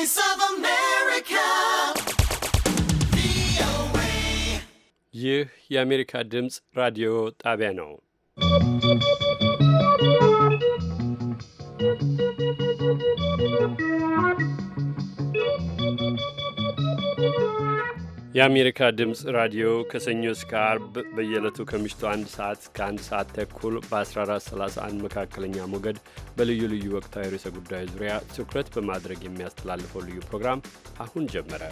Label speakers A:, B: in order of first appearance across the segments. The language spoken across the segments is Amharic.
A: voice of America.
B: VOA. Radio Tabiano. የአሜሪካ ድምፅ ራዲዮ ከሰኞ እስከ አርብ በየዕለቱ ከምሽቱ አንድ ሰዓት እስከ አንድ ሰዓት ተኩል በ1431 መካከለኛ ሞገድ በልዩ ልዩ ወቅታዊ ርዕሰ ጉዳዮች ዙሪያ ትኩረት በማድረግ የሚያስተላልፈው ልዩ ፕሮግራም አሁን ጀመረ።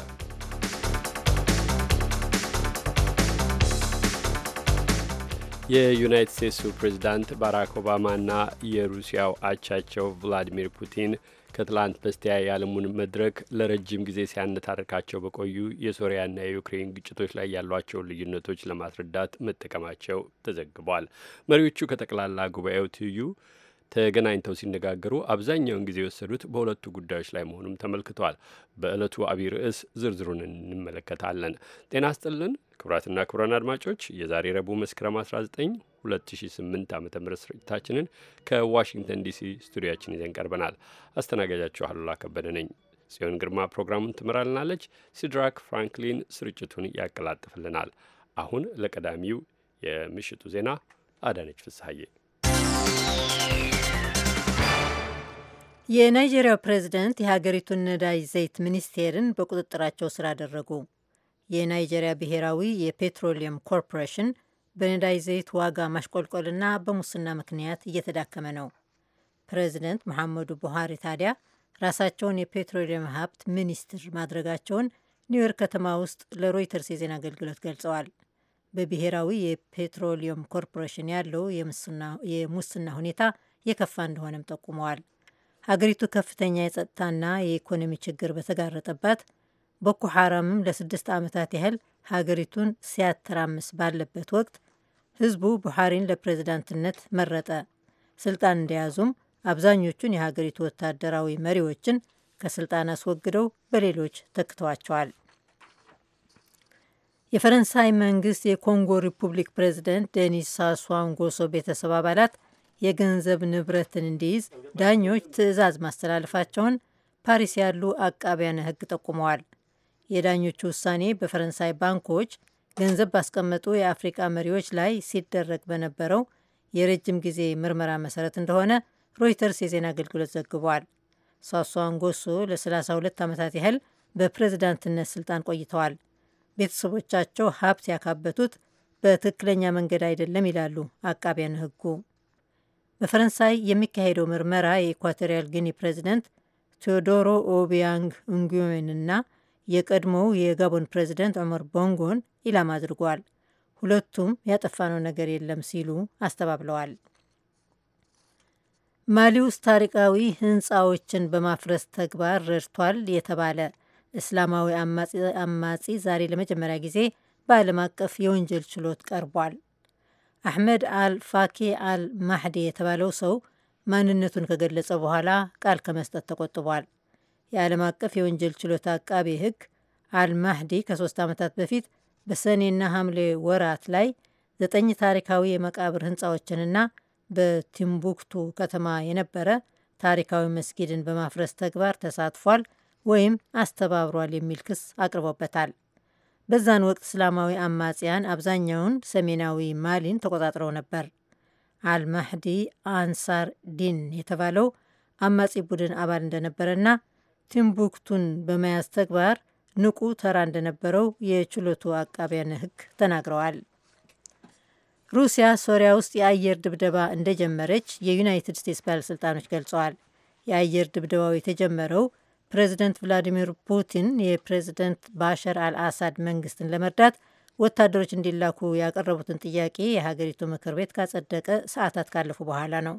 B: የዩናይትድ ስቴትሱ ፕሬዚዳንት ባራክ ኦባማና የሩሲያው አቻቸው ቭላዲሚር ፑቲን ከትላንት በስቲያ የዓለሙን መድረክ ለረጅም ጊዜ ሲያነታርካቸው በቆዩ የሶሪያና የዩክሬን ግጭቶች ላይ ያሏቸውን ልዩነቶች ለማስረዳት መጠቀማቸው ተዘግቧል። መሪዎቹ ከጠቅላላ ጉባኤው ትይዩ ተገናኝተው ሲነጋገሩ አብዛኛውን ጊዜ የወሰዱት በሁለቱ ጉዳዮች ላይ መሆኑም ተመልክቷል። በዕለቱ አቢይ ርዕስ ዝርዝሩን እንመለከታለን። ጤና ስጥልን ክቡራትና ክቡራን አድማጮች የዛሬ ረቡዕ መስከረም 19 2008 ዓ ም ስርጭታችንን ከዋሽንግተን ዲሲ ስቱዲያችን ይዘን ቀርበናል። አስተናጋጃችሁ አሉላ ከበደ ነኝ። ጽዮን ግርማ ፕሮግራሙን ትመራልናለች። ሲድራክ ፍራንክሊን ስርጭቱን ያቀላጥፍልናል። አሁን ለቀዳሚው የምሽቱ ዜና አዳነች ፍስሐዬ።
C: የናይጄሪያው ፕሬዚደንት የሀገሪቱን ነዳጅ ዘይት ሚኒስቴርን በቁጥጥራቸው ስር አደረጉ። የናይጄሪያ ብሔራዊ የፔትሮሊየም ኮርፖሬሽን በነዳጅ ዘይት ዋጋ ማሽቆልቆልና በሙስና ምክንያት እየተዳከመ ነው። ፕሬዚደንት መሐመዱ ቡሃሪ ታዲያ ራሳቸውን የፔትሮሊየም ሀብት ሚኒስትር ማድረጋቸውን ኒውዮርክ ከተማ ውስጥ ለሮይተርስ የዜና አገልግሎት ገልጸዋል። በብሔራዊ የፔትሮሊየም ኮርፖሬሽን ያለው የሙስና ሁኔታ የከፋ እንደሆነም ጠቁመዋል። ሀገሪቱ ከፍተኛ የጸጥታና የኢኮኖሚ ችግር በተጋረጠባት ቦኮ ሐራምም ለስድስት ዓመታት ያህል ሀገሪቱን ሲያተራምስ ባለበት ወቅት ህዝቡ ቡሃሪን ለፕሬዝዳንትነት መረጠ። ስልጣን እንደያዙም አብዛኞቹን የሀገሪቱ ወታደራዊ መሪዎችን ከስልጣን አስወግደው በሌሎች ተክተዋቸዋል። የፈረንሳይ መንግስት የኮንጎ ሪፑብሊክ ፕሬዝደንት ዴኒስ ሳሷን ጎሶ ቤተሰብ አባላት የገንዘብ ንብረትን እንዲይዝ ዳኞች ትዕዛዝ ማስተላለፋቸውን ፓሪስ ያሉ አቃቢያነ ህግ ጠቁመዋል። የዳኞቹ ውሳኔ በፈረንሳይ ባንኮች ገንዘብ ባስቀመጡ የአፍሪቃ መሪዎች ላይ ሲደረግ በነበረው የረጅም ጊዜ ምርመራ መሰረት እንደሆነ ሮይተርስ የዜና አገልግሎት ዘግቧል። ሳሷ አንጎሶ ለ32 ዓመታት ያህል በፕሬዝዳንትነት ስልጣን ቆይተዋል። ቤተሰቦቻቸው ሀብት ያካበቱት በትክክለኛ መንገድ አይደለም ይላሉ አቃቢያን ህጉ። በፈረንሳይ የሚካሄደው ምርመራ የኢኳቶሪያል ጊኒ ፕሬዚደንት ቴዎዶሮ ኦቢያንግ እንጉዌንና የቀድሞው የጋቦን ፕሬዚደንት ዑመር ቦንጎን ኢላማ አድርጓል። ሁለቱም ያጠፋነው ነገር የለም ሲሉ አስተባብለዋል። ማሊ ውስጥ ታሪካዊ ህንፃዎችን በማፍረስ ተግባር ረድቷል የተባለ እስላማዊ አማጺ ዛሬ ለመጀመሪያ ጊዜ በዓለም አቀፍ የወንጀል ችሎት ቀርቧል። አሕመድ አል ፋኬ አል ማህዲ የተባለው ሰው ማንነቱን ከገለጸ በኋላ ቃል ከመስጠት ተቆጥቧል። የዓለም አቀፍ የወንጀል ችሎት አቃቤ ሕግ አልማህዲ ከሶስት ዓመታት በፊት በሰኔና ሐምሌ ወራት ላይ ዘጠኝ ታሪካዊ የመቃብር ህንፃዎችንና በቲምቡክቱ ከተማ የነበረ ታሪካዊ መስጊድን በማፍረስ ተግባር ተሳትፏል ወይም አስተባብሯል የሚል ክስ አቅርቦበታል። በዛን ወቅት እስላማዊ አማጽያን አብዛኛውን ሰሜናዊ ማሊን ተቆጣጥረው ነበር። አልማህዲ አንሳር ዲን የተባለው አማጺ ቡድን አባል እንደነበረና ቲምቡክቱን በመያዝ ተግባር ንቁ ተራ እንደነበረው የችሎቱ አቃቢያን ሕግ ተናግረዋል። ሩሲያ ሶሪያ ውስጥ የአየር ድብደባ እንደጀመረች የዩናይትድ ስቴትስ ባለሥልጣኖች ገልጸዋል። የአየር ድብደባው የተጀመረው ፕሬዚደንት ቭላዲሚር ፑቲን የፕሬዚደንት ባሻር አልአሳድ መንግስትን ለመርዳት ወታደሮች እንዲላኩ ያቀረቡትን ጥያቄ የሀገሪቱ ምክር ቤት ካጸደቀ ሰዓታት ካለፉ በኋላ ነው።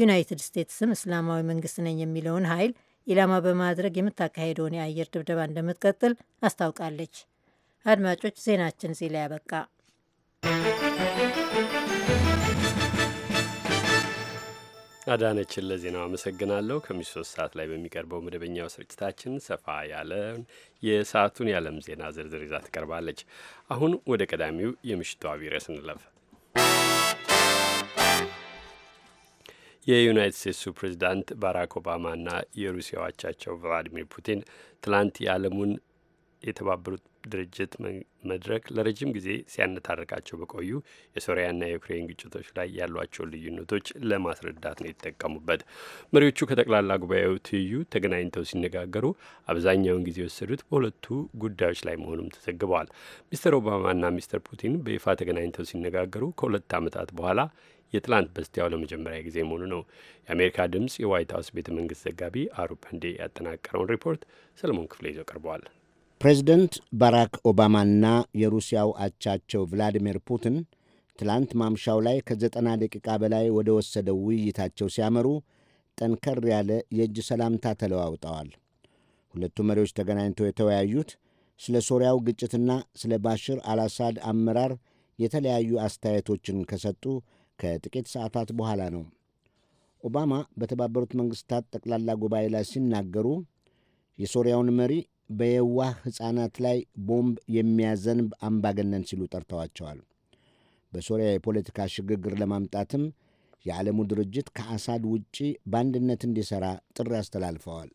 C: ዩናይትድ ስቴትስም እስላማዊ መንግስት ነኝ የሚለውን ኃይል ኢላማ በማድረግ የምታካሄደውን የአየር ድብደባ እንደምትቀጥል አስታውቃለች። አድማጮች ዜናችን እዚህ ላይ ያበቃ።
B: አዳነችን ለዜናው አመሰግናለሁ። ከምሽቱ ሶስት ሰዓት ላይ በሚቀርበው መደበኛው ስርጭታችን ሰፋ ያለ የሰዓቱን የዓለም ዜና ዝርዝር ይዛ ትቀርባለች። አሁን ወደ ቀዳሚው የምሽቱ አብይ እንለፍ። የዩናይትድ ስቴትሱ ፕሬዚዳንት ባራክ ኦባማና የሩሲያው አቻቸው ቭላዲሚር ፑቲን ትላንት የዓለሙን የተባበሩት ድርጅት መድረክ ለረጅም ጊዜ ሲያነታርቃቸው በቆዩ የሶሪያና የዩክሬን ግጭቶች ላይ ያሏቸውን ልዩነቶች ለማስረዳት ነው የተጠቀሙበት። መሪዎቹ ከጠቅላላ ጉባኤው ትይዩ ተገናኝተው ሲነጋገሩ አብዛኛውን ጊዜ የወሰዱት በሁለቱ ጉዳዮች ላይ መሆኑም ተዘግበዋል። ሚስተር ኦባማና ሚስተር ፑቲን በይፋ ተገናኝተው ሲነጋገሩ ከሁለት ዓመታት በኋላ የትላንት በስቲያው ለመጀመሪያ ጊዜ መሆኑ ነው። የአሜሪካ ድምፅ የዋይት ሀውስ ቤተ መንግስት ዘጋቢ አሩፕ እንዴ ያጠናቀረውን ሪፖርት ሰለሞን ክፍሌ ይዞ ቀርበዋል።
D: ፕሬዚደንት ባራክ ኦባማና የሩሲያው አቻቸው ቭላዲሚር ፑቲን ትላንት ማምሻው ላይ ከዘጠና ደቂቃ በላይ ወደ ወሰደው ውይይታቸው ሲያመሩ ጠንከር ያለ የእጅ ሰላምታ ተለዋውጠዋል። ሁለቱ መሪዎች ተገናኝተው የተወያዩት ስለ ሶሪያው ግጭትና ስለ ባሽር አልአሳድ አመራር የተለያዩ አስተያየቶችን ከሰጡ ከጥቂት ሰዓታት በኋላ ነው። ኦባማ በተባበሩት መንግሥታት ጠቅላላ ጉባኤ ላይ ሲናገሩ የሶሪያውን መሪ በየዋህ ሕፃናት ላይ ቦምብ የሚያዘንብ አምባገነን ሲሉ ጠርተዋቸዋል። በሶሪያ የፖለቲካ ሽግግር ለማምጣትም የዓለሙ ድርጅት ከአሳድ ውጪ በአንድነት እንዲሠራ ጥሪ አስተላልፈዋል።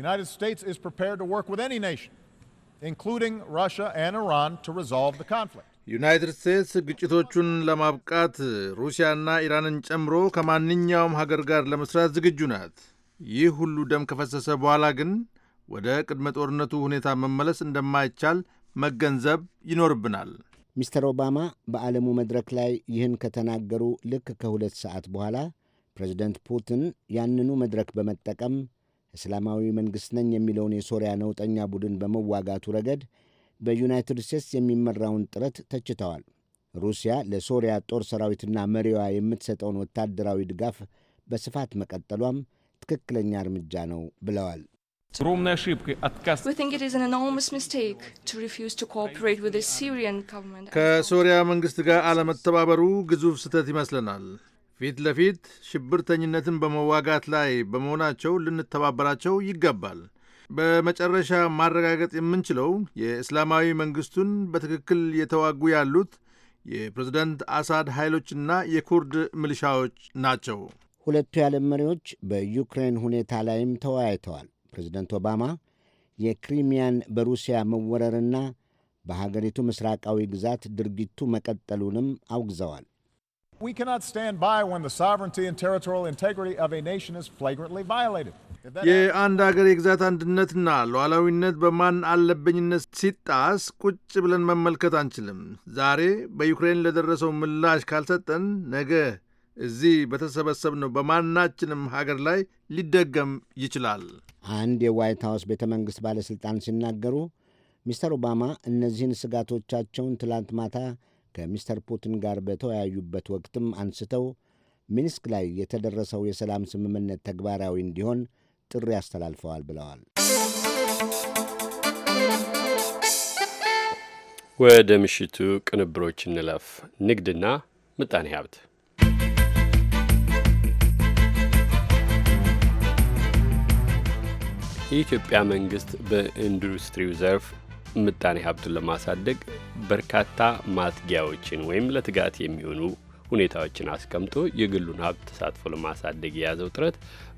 D: ዩናይትድ ስቴትስ
E: ዩናይትድ ስቴትስ ግጭቶቹን ለማብቃት ሩሲያና ኢራንን ጨምሮ ከማንኛውም ሀገር ጋር ለመስራት ዝግጁ ናት። ይህ ሁሉ ደም ከፈሰሰ በኋላ ግን ወደ ቅድመ ጦርነቱ ሁኔታ መመለስ እንደማይቻል መገንዘብ ይኖርብናል። ሚስተር
D: ኦባማ በዓለሙ መድረክ ላይ ይህን ከተናገሩ ልክ ከሁለት ሰዓት በኋላ ፕሬዚደንት ፑቲን ያንኑ መድረክ በመጠቀም እስላማዊ መንግሥት ነኝ የሚለውን የሶሪያ ነውጠኛ ቡድን በመዋጋቱ ረገድ በዩናይትድ ስቴትስ የሚመራውን ጥረት ተችተዋል። ሩሲያ ለሶሪያ ጦር ሰራዊትና መሪዋ የምትሰጠውን ወታደራዊ ድጋፍ በስፋት መቀጠሏም ትክክለኛ እርምጃ ነው ብለዋል።
E: ከሶሪያ መንግሥት ጋር አለመተባበሩ ግዙፍ ስህተት ይመስለናል። ፊት ለፊት ሽብርተኝነትን በመዋጋት ላይ በመሆናቸው ልንተባበራቸው ይገባል። በመጨረሻ ማረጋገጥ የምንችለው የእስላማዊ መንግስቱን በትክክል የተዋጉ ያሉት የፕሬዝደንት አሳድ ኃይሎችና የኩርድ ምልሻዎች ናቸው።
D: ሁለቱ የዓለም መሪዎች በዩክሬን ሁኔታ ላይም ተወያይተዋል። ፕሬዝደንት ኦባማ የክሪሚያን በሩሲያ መወረርና በሀገሪቱ ምስራቃዊ ግዛት ድርጊቱ
E: መቀጠሉንም አውግዘዋል።
D: We cannot stand by when the sovereignty and territorial integrity of a nation is flagrantly violated.
E: የአንድ ሀገር የግዛት አንድነትና ሉዓላዊነት በማን አለብኝነት ሲጣስ ቁጭ ብለን መመልከት አንችልም። ዛሬ በዩክሬን ለደረሰው ምላሽ ካልሰጠን ነገ እዚህ በተሰበሰብነው በማናችንም ሀገር ላይ ሊደገም ይችላል።
D: አንድ የዋይት ሀውስ ቤተ መንግሥት ባለሥልጣን ሲናገሩ ሚስተር ኦባማ እነዚህን ስጋቶቻቸውን ትላንት ማታ ከሚስተር ፑቲን ጋር በተወያዩበት ወቅትም አንስተው ሚንስክ ላይ የተደረሰው የሰላም ስምምነት ተግባራዊ እንዲሆን ጥሪ አስተላልፈዋል ብለዋል።
B: ወደ ምሽቱ ቅንብሮች እንለፍ። ንግድና ምጣኔ ሀብት የኢትዮጵያ መንግስት በኢንዱስትሪው ዘርፍ ምጣኔ ሀብቱን ለማሳደግ በርካታ ማትጊያዎችን ወይም ለትጋት የሚሆኑ ሁኔታዎችን አስቀምጦ የግሉን ሀብት ተሳትፎ ለማሳደግ የያዘው ጥረት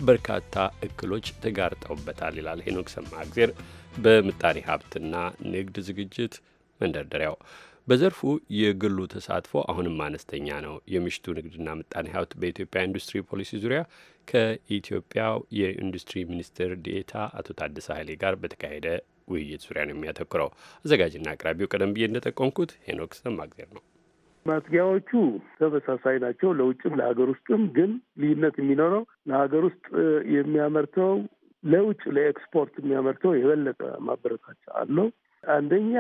B: በርካታ እክሎች ተጋርጠውበታል ይላል ሄኖክ ሰማእግዜር በምጣኔ ሀብትና ንግድ ዝግጅት መንደርደሪያው። በዘርፉ የግሉ ተሳትፎ አሁንም አነስተኛ ነው። የምሽቱ ንግድና ምጣኔ ሀብት በኢትዮጵያ ኢንዱስትሪ ፖሊሲ ዙሪያ ከኢትዮጵያው የኢንዱስትሪ ሚኒስትር ዴኤታ አቶ ታደሰ ኃይሌ ጋር በተካሄደ ውይይት ዙሪያ ነው የሚያተኩረው። አዘጋጅና አቅራቢው ቀደም ብዬ እንደጠቆምኩት ሄኖክ ሰማግዜር
F: ነው። ማጥቂያዎቹ ተመሳሳይ ናቸው ለውጭም ለሀገር ውስጥም። ግን ልዩነት የሚኖረው ለሀገር ውስጥ የሚያመርተው ለውጭ ለኤክስፖርት የሚያመርተው የበለጠ ማበረታቻ አለው። አንደኛ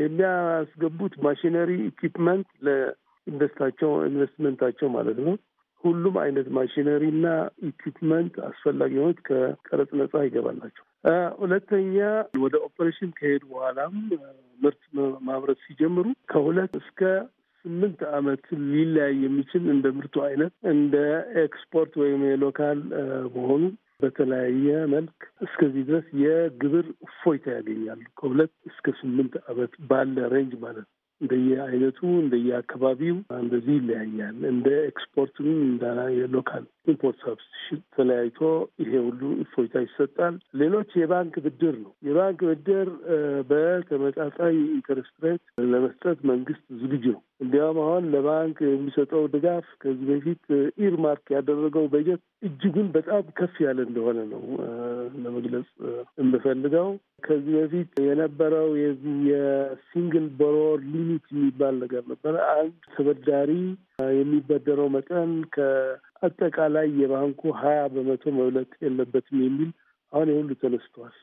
F: የሚያስገቡት ማሽነሪ ኢኪፕመንት ለኢንቨስታቸው ኢንቨስትመንታቸው ማለት ነው። ሁሉም አይነት ማሽነሪ እና ኢኪፕመንት አስፈላጊ ሆኖት ከቀረጽ ነጻ ይገባላቸው። ሁለተኛ ወደ ኦፐሬሽን ከሄዱ በኋላም ምርት ማምረት ሲጀምሩ ከሁለት እስከ ስምንት ዓመት ሊለያይ የሚችል እንደ ምርቱ አይነት እንደ ኤክስፖርት ወይም የሎካል መሆኑ በተለያየ መልክ እስከዚህ ድረስ የግብር እፎይታ ያገኛሉ። ከሁለት እስከ ስምንት ዓመት ባለ ሬንጅ ማለት ነው። እንደየአይነቱ እንደየአካባቢው እንደዚህ ይለያያል። እንደ ኤክስፖርትም እንደ የሎካል ኢምፖርት ሰብስቲሽን ተለያይቶ ይሄ ሁሉ እፎይታ ይሰጣል። ሌሎች የባንክ ብድር ነው። የባንክ ብድር በተመጣጣኝ ኢንተረስት ሬት ለመስጠት መንግስት ዝግጁ ነው። እንዲያውም አሁን ለባንክ የሚሰጠው ድጋፍ ከዚህ በፊት ኢርማርክ ያደረገው በጀት እጅጉን በጣም ከፍ ያለ እንደሆነ ነው ለመግለጽ የምፈልገው። ከዚህ በፊት የነበረው የዚህ የሲንግል ቦሮወር ሊሚት የሚባል ነገር ነበረ። አንድ ተበዳሪ የሚበደረው መጠን ከአጠቃላይ የባንኩ ሀያ በመቶ መብለጥ የለበትም የሚል አሁን የሁሉ ተነስተዋል።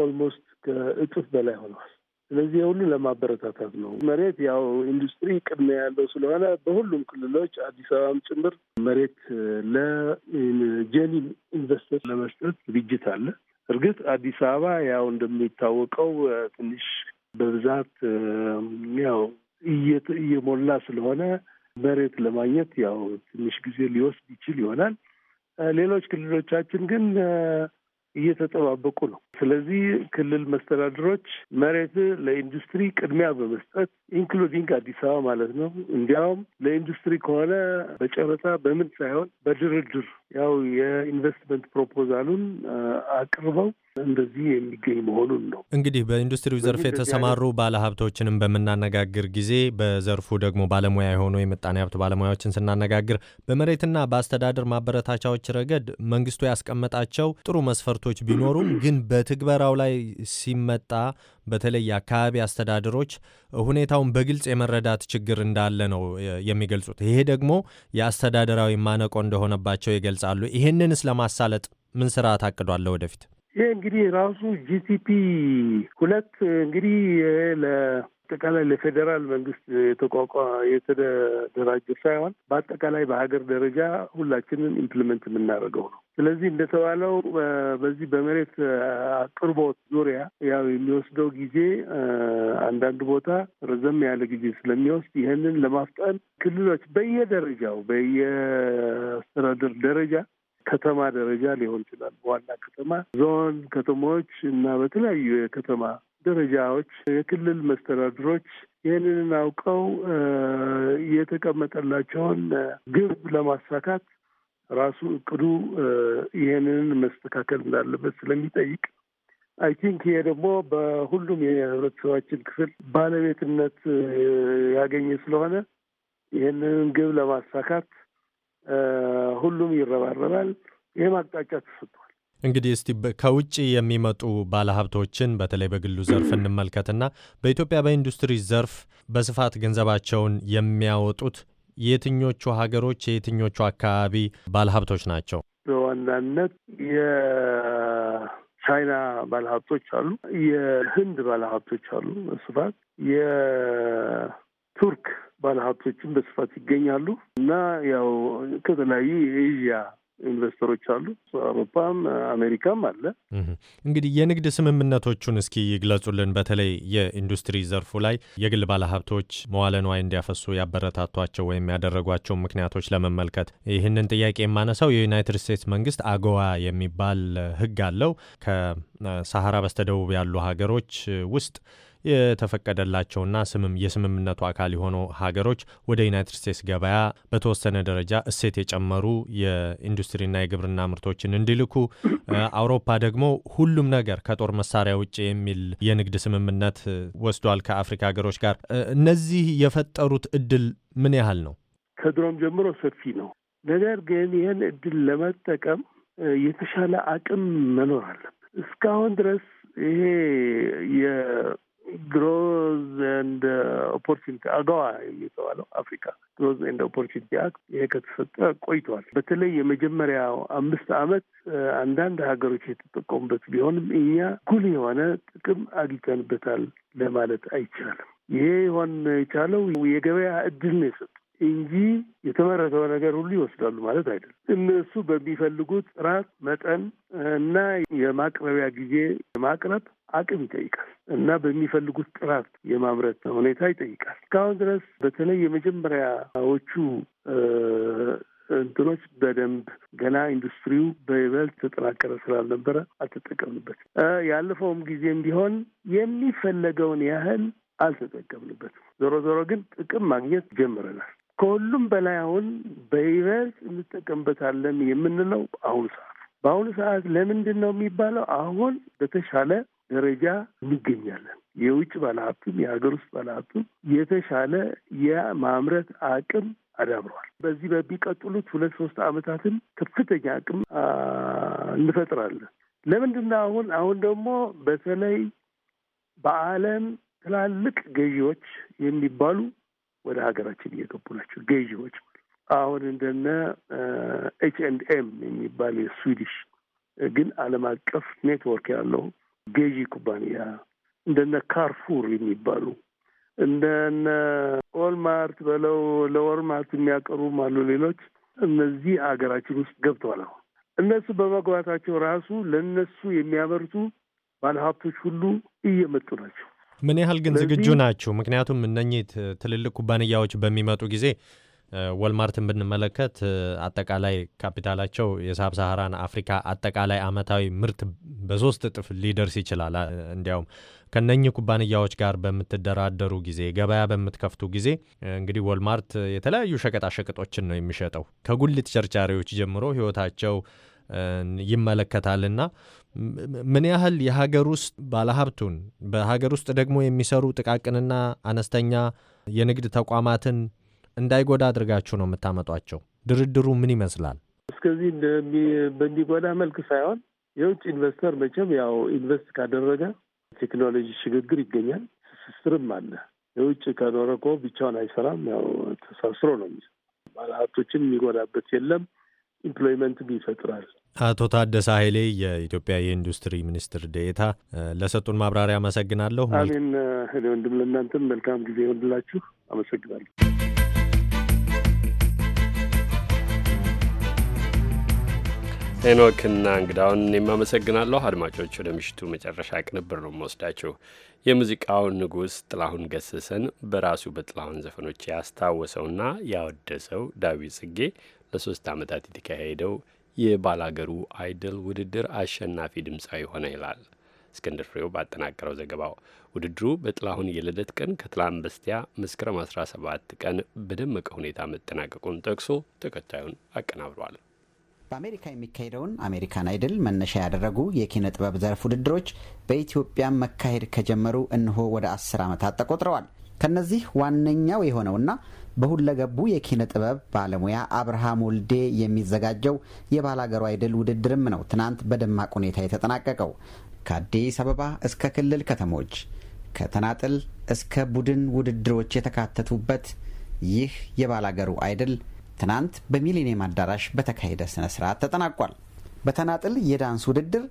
F: ኦልሞስት ከእጥፍ በላይ ሆነዋል። ስለዚህ የሁሉ ለማበረታታት ነው። መሬት ያው ኢንዱስትሪ ቅድሚያ ያለው ስለሆነ በሁሉም ክልሎች አዲስ አበባም ጭምር መሬት ለጀኒ ኢንቨስተር ለመስጠት ዝግጅት አለ። እርግጥ አዲስ አበባ ያው እንደሚታወቀው ትንሽ በብዛት ያው እየሞላ ስለሆነ መሬት ለማግኘት ያው ትንሽ ጊዜ ሊወስድ ይችል ይሆናል። ሌሎች ክልሎቻችን ግን እየተጠባበቁ ነው። ስለዚህ ክልል መስተዳድሮች መሬት ለኢንዱስትሪ ቅድሚያ በመስጠት ኢንክሉዲንግ አዲስ አበባ ማለት ነው። እንዲያውም ለኢንዱስትሪ ከሆነ በጨረታ በምን ሳይሆን በድርድር ያው የኢንቨስትመንት ፕሮፖዛሉን አቅርበው እንደዚህ የሚገኝ መሆኑን
G: ነው። እንግዲህ በኢንዱስትሪው ዘርፍ የተሰማሩ ባለሀብቶችንም በምናነጋግር ጊዜ በዘርፉ ደግሞ ባለሙያ የሆኑ የምጣኔ ሀብት ባለሙያዎችን ስናነጋግር በመሬትና በአስተዳደር ማበረታቻዎች ረገድ መንግስቱ ያስቀመጣቸው ጥሩ መስፈርቶች ቢኖሩም ግን በትግበራው ላይ ሲመጣ በተለይ የአካባቢ አስተዳደሮች ሁኔታውን በግልጽ የመረዳት ችግር እንዳለ ነው የሚገልጹት። ይሄ ደግሞ የአስተዳደራዊ ማነቆ እንደሆነባቸው ይገልጻሉ። ይህንንስ ለማሳለጥ ምን ስራ ታቅዷለ ወደፊት?
F: ይሄ እንግዲህ ራሱ ጂሲፒ ሁለት እንግዲህ አጠቃላይ ለፌዴራል መንግስት የተቋቋ የተደራጀ ሳይሆን በአጠቃላይ በሀገር ደረጃ ሁላችንን ኢምፕሊመንት የምናደርገው ነው። ስለዚህ እንደተባለው በዚህ በመሬት አቅርቦት ዙሪያ ያው የሚወስደው ጊዜ አንዳንድ ቦታ ረዘም ያለ ጊዜ ስለሚወስድ ይህንን ለማፍጠን ክልሎች በየደረጃው በየአስተዳደር ደረጃ ከተማ ደረጃ ሊሆን ይችላል። በዋና ከተማ ዞን ከተሞች እና በተለያዩ የከተማ ደረጃዎች፣ የክልል መስተዳድሮች ይህንን አውቀው የተቀመጠላቸውን ግብ ለማሳካት ራሱ እቅዱ ይህንን መስተካከል እንዳለበት ስለሚጠይቅ አይ ቲንክ ይሄ ደግሞ በሁሉም የህብረተሰባችን ክፍል ባለቤትነት ያገኘ ስለሆነ ይህንን ግብ ለማሳካት ሁሉም ይረባረባል። ይህም አቅጣጫ ተሰጥቷል።
G: እንግዲህ እስቲ ከውጭ የሚመጡ ባለሀብቶችን በተለይ በግሉ ዘርፍ እንመልከትና በኢትዮጵያ በኢንዱስትሪ ዘርፍ በስፋት ገንዘባቸውን የሚያወጡት የትኞቹ ሀገሮች የትኞቹ አካባቢ ባለሀብቶች ናቸው?
F: በዋናነት የቻይና ባለሀብቶች አሉ። የህንድ ባለሀብቶች አሉ በስፋት የቱርክ ባለሀብቶችም በስፋት ይገኛሉ እና ያው ከተለያዩ የኤዥያ ኢንቨስተሮች አሉ። አውሮፓም አሜሪካም አለ።
G: እንግዲህ የንግድ ስምምነቶቹን እስኪ ይግለጹልን። በተለይ የኢንዱስትሪ ዘርፉ ላይ የግል ባለሀብቶች መዋለ ንዋይ እንዲያፈሱ ያበረታቷቸው ወይም ያደረጓቸው ምክንያቶች ለመመልከት ይህንን ጥያቄ የማነሳው የዩናይትድ ስቴትስ መንግስት አጎዋ የሚባል ህግ አለው ከሰሃራ በስተደቡብ ያሉ ሀገሮች ውስጥ የተፈቀደላቸውና ስምም የስምምነቱ አካል የሆኑ ሀገሮች ወደ ዩናይትድ ስቴትስ ገበያ በተወሰነ ደረጃ እሴት የጨመሩ የኢንዱስትሪና የግብርና ምርቶችን እንዲልኩ፣ አውሮፓ ደግሞ ሁሉም ነገር ከጦር መሳሪያ ውጭ የሚል የንግድ ስምምነት ወስዷል ከአፍሪካ ሀገሮች ጋር። እነዚህ የፈጠሩት እድል ምን ያህል ነው?
F: ከድሮም ጀምሮ ሰፊ ነው። ነገር ግን ይህን እድል ለመጠቀም የተሻለ አቅም መኖር አለበት። እስካሁን ድረስ ይሄ ግሮዝ ኤንድ ኦፖርቹኒቲ አገዋ የሚባለው አፍሪካ ግሮዝ ኤንድ ኦፖርቹኒቲ አክት ይሄ ከተሰጠ ቆይቷል። በተለይ የመጀመሪያው አምስት አመት አንዳንድ ሀገሮች የተጠቀሙበት ቢሆንም እኛ ጉል የሆነ ጥቅም አግኝተንበታል ለማለት አይቻልም። ይሄ ይሆን የቻለው የገበያ እድል ነው የሰጡ እንጂ የተመረተው ነገር ሁሉ ይወስዳሉ ማለት አይደለም። እነሱ በሚፈልጉት ጥራት፣ መጠን እና የማቅረቢያ ጊዜ ማቅረብ አቅም ይጠይቃል እና በሚፈልጉት ጥራት የማምረት ሁኔታ ይጠይቃል። እስካሁን ድረስ በተለይ የመጀመሪያዎቹ እንትኖች በደንብ ገና ኢንዱስትሪው በይበልጥ ተጠናከረ ስላልነበረ አልተጠቀምንበትም። ያለፈውም ጊዜም ቢሆን የሚፈለገውን ያህል አልተጠቀምንበትም። ዞሮ ዞሮ ግን ጥቅም ማግኘት ጀምረናል። ከሁሉም በላይ አሁን በይበልጥ እንጠቀምበታለን የምንለው አሁኑ ሰዓት በአሁኑ ሰዓት ለምንድን ነው የሚባለው? አሁን በተሻለ ደረጃ እንገኛለን። የውጭ ባለሀብቱም የሀገር ውስጥ ባለሀብቱም የተሻለ የማምረት አቅም አዳብረዋል። በዚህ በሚቀጥሉት ሁለት ሶስት አመታትም ከፍተኛ አቅም እንፈጥራለን። ለምንድነው አሁን አሁን ደግሞ በተለይ በዓለም ትላልቅ ገዢዎች የሚባሉ ወደ ሀገራችን እየገቡ ናቸው። ገዢዎች አሁን እንደነ ኤች ኤንድ ኤም የሚባል የስዊዲሽ ግን ዓለም አቀፍ ኔትወርክ ያለው ገዢ ኩባንያ እንደነ ካርፉር የሚባሉ እንደነ ኦልማርት በለው ለወልማርት የሚያቀርቡም አሉ። ሌሎች እነዚህ አገራችን ውስጥ ገብተዋል። አሁን እነሱ በመግባታቸው ራሱ ለእነሱ የሚያመርቱ ባለሀብቶች ሁሉ እየመጡ ናቸው።
G: ምን ያህል ግን ዝግጁ ናቸው? ምክንያቱም እነኚህ ትልልቅ ኩባንያዎች በሚመጡ ጊዜ ወልማርትን ብንመለከት አጠቃላይ ካፒታላቸው የሳብ ሳሃራን አፍሪካ አጠቃላይ አመታዊ ምርት በሶስት እጥፍ ሊደርስ ይችላል። እንዲያውም ከነኚህ ኩባንያዎች ጋር በምትደራደሩ ጊዜ ገበያ በምትከፍቱ ጊዜ እንግዲህ ወልማርት የተለያዩ ሸቀጣሸቀጦችን ነው የሚሸጠው ከጉልት ቸርቻሪዎች ጀምሮ ህይወታቸው ይመለከታልና ምን ያህል የሀገር ውስጥ ባለሀብቱን በሀገር ውስጥ ደግሞ የሚሰሩ ጥቃቅንና አነስተኛ የንግድ ተቋማትን እንዳይጎዳ አድርጋችሁ ነው የምታመጧቸው? ድርድሩ ምን ይመስላል?
F: እስከዚህ በሚጎዳ መልክ ሳይሆን የውጭ ኢንቨስተር መቼም ያው ኢንቨስት ካደረገ ቴክኖሎጂ ሽግግር ይገኛል፣ ትስስርም አለ። የውጭ ከኖረ እኮ ብቻውን አይሰራም። ያው ተሳስሮ ነው የሚሰራ። ባለሀብቶችን የሚጎዳበት የለም። ኢምፕሎይመንትም ይፈጥራል።
G: አቶ ታደሰ ኃይሌ የኢትዮጵያ የኢንዱስትሪ ሚኒስትር ዴኤታ ለሰጡን ማብራሪያ አመሰግናለሁ። አሜን።
F: ወንድም ለእናንተም መልካም ጊዜ ይሆንላችሁ። አመሰግናለሁ።
B: ሄኖክና እንግዳውን የማመሰግናለሁ። አድማጮች ወደ ምሽቱ መጨረሻ ቅንብር ነው የምወስዳቸው። የሙዚቃው ንጉሥ ጥላሁን ገሰሰን በራሱ በጥላሁን ዘፈኖች ያስታወሰውና ያወደሰው ዳዊት ጽጌ ለሶስት ዓመታት የተካሄደው የባላገሩ አይደል ውድድር አሸናፊ ድምፃዊ ሆነ ይላል እስክንድር ፍሬው ባጠናቀረው ዘገባው። ውድድሩ በጥላሁን የልደት ቀን ከትላንት በስቲያ መስከረም 17 ቀን በደመቀ ሁኔታ መጠናቀቁን ጠቅሶ ተከታዩን አቀናብሯል።
H: በአሜሪካ የሚካሄደውን አሜሪካን አይድል መነሻ ያደረጉ የኪነ ጥበብ ዘርፍ ውድድሮች በኢትዮጵያ መካሄድ ከጀመሩ እንሆ ወደ አስር ዓመታት ተቆጥረዋል። ከነዚህ ዋነኛው የሆነውና በሁለገቡ የኪነ ጥበብ ባለሙያ አብርሃም ወልዴ የሚዘጋጀው የባላገሩ አይድል ውድድርም ነው ትናንት በደማቅ ሁኔታ የተጠናቀቀው። ከአዲስ አበባ እስከ ክልል ከተሞች ከተናጥል እስከ ቡድን ውድድሮች የተካተቱበት ይህ የባላገሩ አይድል ትናንት በሚሊኒየም አዳራሽ በተካሄደ ስነ ስርዓት ተጠናቋል። በተናጥል የዳንስ ውድድር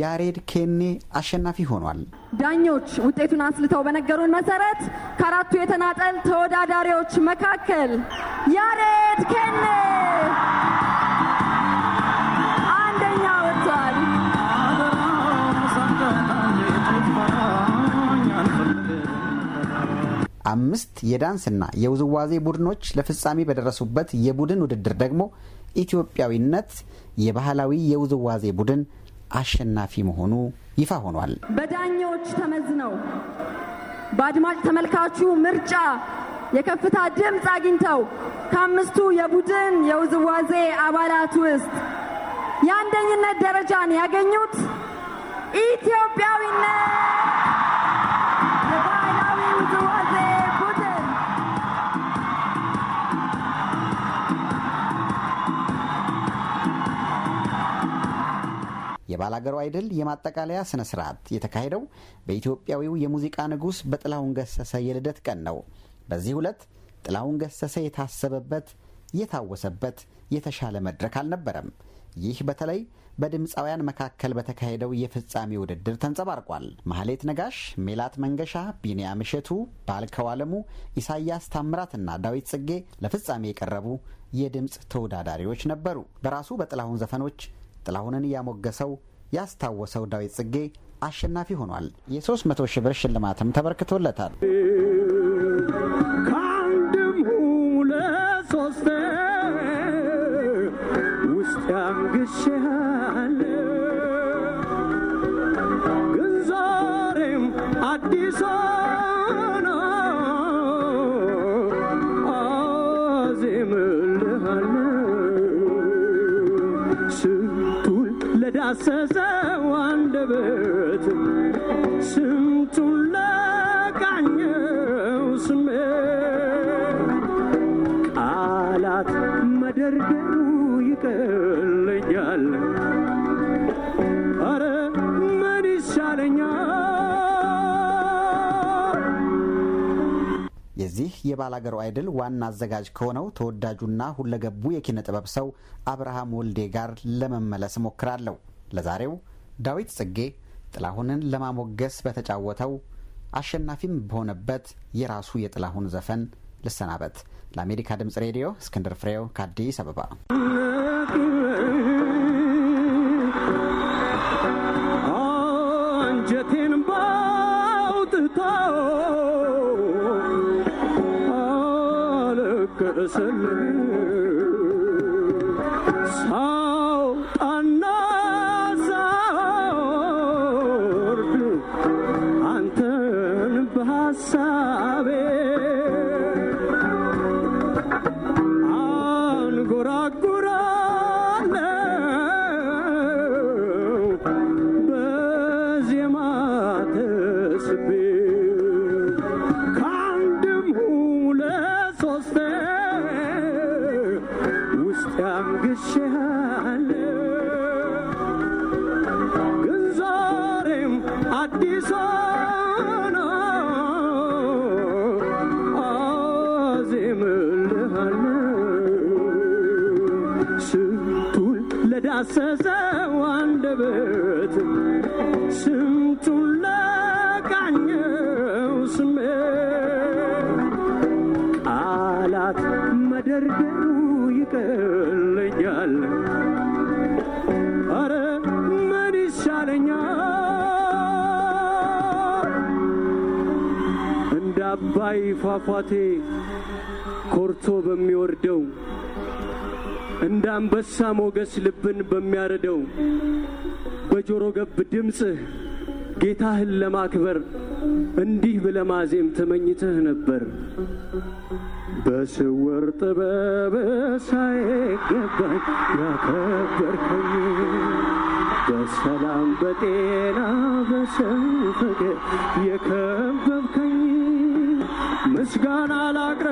H: ያሬድ ኬኔ አሸናፊ ሆኗል።
A: ዳኞች ውጤቱን አስልተው በነገሩን መሰረት ከአራቱ የተናጠል ተወዳዳሪዎች መካከል ያሬድ ኬኔ
H: አምስት የዳንስና የውዝዋዜ ቡድኖች ለፍጻሜ በደረሱበት የቡድን ውድድር ደግሞ ኢትዮጵያዊነት የባህላዊ የውዝዋዜ ቡድን አሸናፊ መሆኑ ይፋ ሆኗል።
A: በዳኞች ተመዝነው በአድማጭ ተመልካቹ ምርጫ የከፍታ ድምፅ አግኝተው ከአምስቱ የቡድን የውዝዋዜ አባላት ውስጥ የአንደኝነት ደረጃን ያገኙት ኢትዮጵያዊነት
H: ለሀገሩ አይድል የማጠቃለያ ስነ ስርዓት የተካሄደው በኢትዮጵያዊው የሙዚቃ ንጉሥ በጥላሁን ገሰሰ የልደት ቀን ነው። በዚህ ዕለት ጥላሁን ገሰሰ የታሰበበት፣ የታወሰበት የተሻለ መድረክ አልነበረም። ይህ በተለይ በድምፃውያን መካከል በተካሄደው የፍጻሜ ውድድር ተንጸባርቋል። ማህሌት ነጋሽ፣ ሜላት መንገሻ፣ ቢንያም እሸቱ፣ ባልከው አለሙ፣ ኢሳያስ ታምራትና ዳዊት ጽጌ ለፍጻሜ የቀረቡ የድምፅ ተወዳዳሪዎች ነበሩ። በራሱ በጥላሁን ዘፈኖች ጥላሁንን እያሞገሰው። ያስታወሰው ዳዊት ጽጌ አሸናፊ ሆኗል። የ300 ሺህ ብር ሽልማትም ተበርክቶለታል።
I: ከአንድም አዲስ ስንቱን ለቃኘው ስሜ
H: የዚህ የባላገሩ አይድል ዋና አዘጋጅ ከሆነው ተወዳጁና ሁለገቡ የኪነ ጥበብ ሰው አብርሃም ወልዴ ጋር ለመመለስ እሞክራለሁ። ለዛሬው ዳዊት ጽጌ ጥላሁንን ለማሞገስ በተጫወተው አሸናፊም በሆነበት የራሱ የጥላሁን ዘፈን ልሰናበት። ለአሜሪካ ድምጽ ሬዲዮ እስክንድር ፍሬው ከአዲስ አበባ
I: እምልሃለሁ ስንቱን ለዳሰሰው አንደበት ስንቱን ለቃኘው ስሜት
A: ቃላት
I: መደርደሩ ይቀለኛል። አረ ምን ይሻለኛል እንደ አባይ ፏፏቴ ኮርቶ በሚወርደው እንደ አንበሳ ሞገስ ልብን በሚያረደው በጆሮ ገብ ድምፅህ ጌታህን ለማክበር እንዲህ ብለማዜም ተመኝተህ ነበር። በስውር ጥበብ ሳይገባኝ ያከበርከኝ በሰላም በጤና በሰንፈገ የከበብከኝ ምስጋና ላቅረ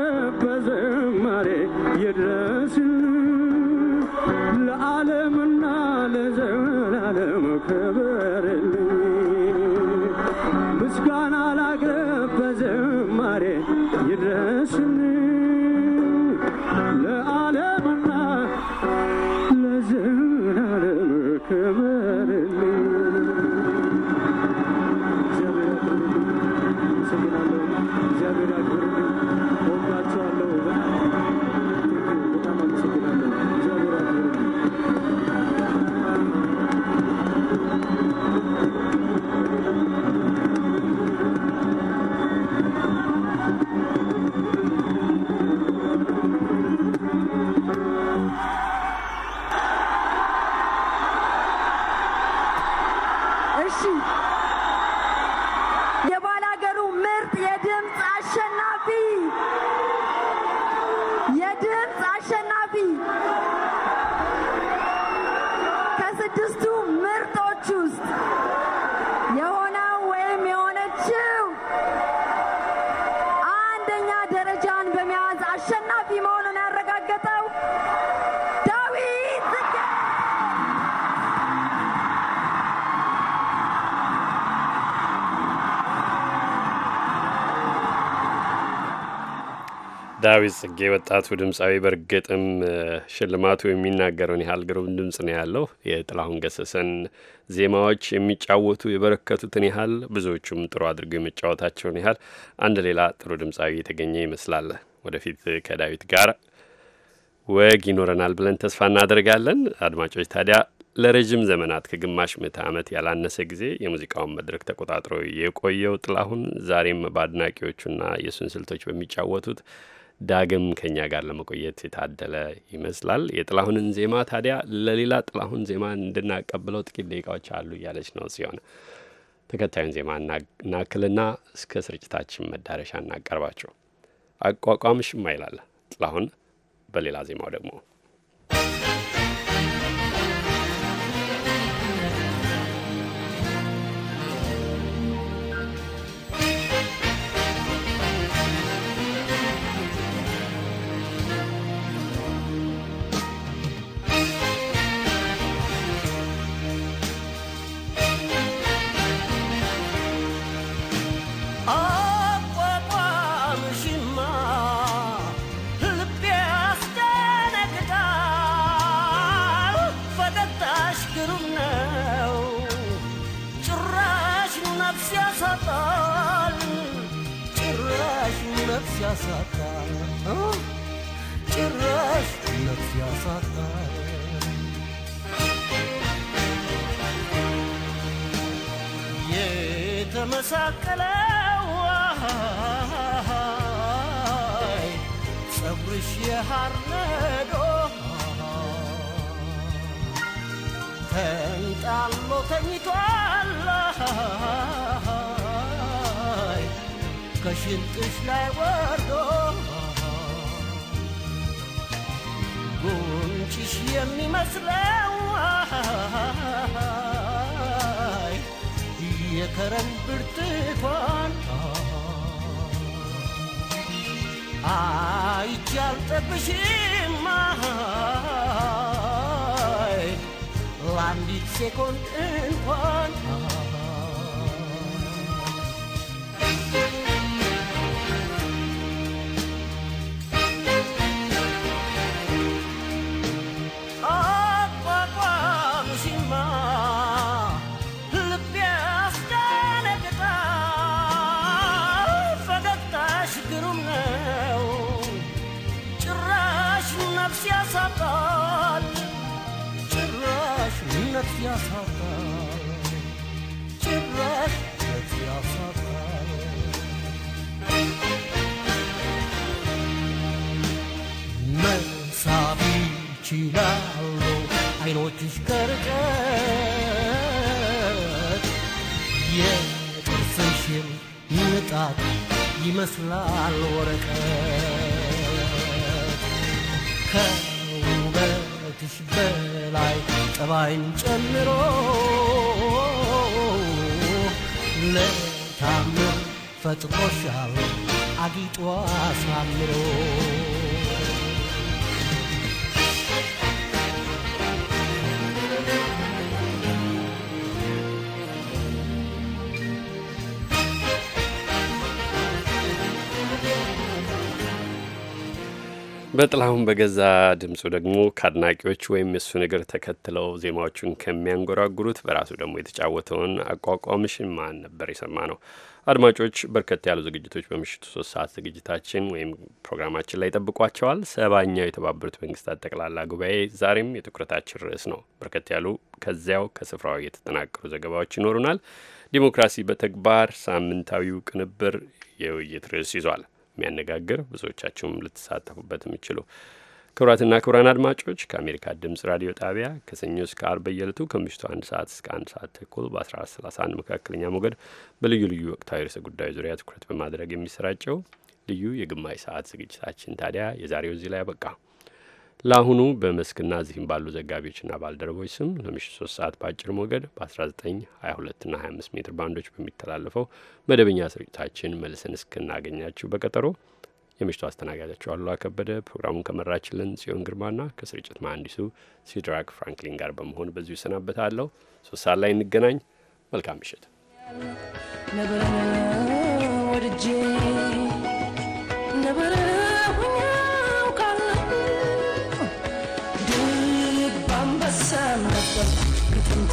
A: Mercy.
B: ዳዊት ጽጌ ወጣቱ ድምፃዊ በእርግጥም ሽልማቱ የሚናገረውን ያህል ግሩም ድምፅ ነው ያለው። የጥላሁን ገሰሰን ዜማዎች የሚጫወቱ የበረከቱትን ያህል ብዙዎቹም ጥሩ አድርገው የመጫወታቸውን ያህል አንድ ሌላ ጥሩ ድምፃዊ የተገኘ ይመስላል። ወደፊት ከዳዊት ጋር ወግ ይኖረናል ብለን ተስፋ እናደርጋለን። አድማጮች ታዲያ ለረዥም ዘመናት ከግማሽ ምዕተ ዓመት ያላነሰ ጊዜ የሙዚቃውን መድረክ ተቆጣጥሮ የቆየው ጥላሁን ዛሬም በአድናቂዎቹና የእሱን ስልቶች በሚጫወቱት ዳግም ከኛ ጋር ለመቆየት የታደለ ይመስላል። የጥላሁንን ዜማ ታዲያ ለሌላ ጥላሁን ዜማ እንድናቀብለው ጥቂት ደቂቃዎች አሉ እያለች ነው ሲሆን ተከታዩን ዜማ እናክልና እስከ ስርጭታችን መዳረሻ እናቀርባቸው። አቋቋም ሽማ ይላል ጥላሁን በሌላ ዜማው ደግሞ
A: ያሳጣል፣ ጭራሽ ነፍስ ያሳጣል። የተመሳቀለ sientes la guardo. Con chichi a mi más leua. Y a cara en verte con. Ay, que alta pechima. Landit se con en ስትሽ ከርቀት የጥርስሽን ንጣት ይመስላል ወረቀት ከውበትሽ በላይ ጠባይን ጨምሮ ለታምር ፈጥሮሻል አጊጦ አሳምሮ
B: በጥላሁን በገዛ ድምፁ ደግሞ ከአድናቂዎች ወይም የእሱ ነገር ተከትለው ዜማዎቹን ከሚያንጎራጉሩት በራሱ ደግሞ የተጫወተውን አቋቋምሽን ማን ነበር የሰማ ነው። አድማጮች በርከት ያሉ ዝግጅቶች በምሽቱ ሶስት ሰዓት ዝግጅታችን ወይም ፕሮግራማችን ላይ ጠብቋቸዋል። ሰባኛው የተባበሩት መንግስታት ጠቅላላ ጉባኤ ዛሬም የትኩረታችን ርዕስ ነው። በርከት ያሉ ከዚያው ከስፍራው የተጠናቀሩ ዘገባዎች ይኖሩናል። ዲሞክራሲ በተግባር ሳምንታዊው ቅንብር የውይይት ርዕስ ይዟል። የሚያነጋግር ብዙዎቻችሁም ልትሳተፉበት የሚችሉ ክቡራትና ክቡራን አድማጮች ከአሜሪካ ድምጽ ራዲዮ ጣቢያ ከሰኞ እስከ አርብ በየዕለቱ ከምሽቱ አንድ ሰዓት እስከ አንድ ሰዓት ተኩል በ1431 መካከለኛ ሞገድ በልዩ ልዩ ወቅታዊ ርዕሰ ጉዳዮች ዙሪያ ትኩረት በማድረግ የሚሰራጨው ልዩ የግማሽ ሰዓት ዝግጅታችን ታዲያ የዛሬው እዚህ ላይ አበቃ። ለአሁኑ በመስክና እዚህም ባሉ ዘጋቢዎችና ባልደረቦች ስም ለምሽት ሶስት ሰዓት በአጭር ሞገድ በ 1922 22ና 25 ሜትር ባንዶች በሚተላለፈው መደበኛ ስርጭታችን መልሰን እስክናገኛችሁ በቀጠሮ የምሽቱ አስተናጋጃችሁ አሉ ከበደ ፕሮግራሙን ከመራችልን ጽዮን ግርማና ከስርጭት መሐንዲሱ ሲድራክ ፍራንክሊን ጋር በመሆን በዚሁ እሰናበታለሁ። ሶስት ሰዓት ላይ እንገናኝ። መልካም ምሽት።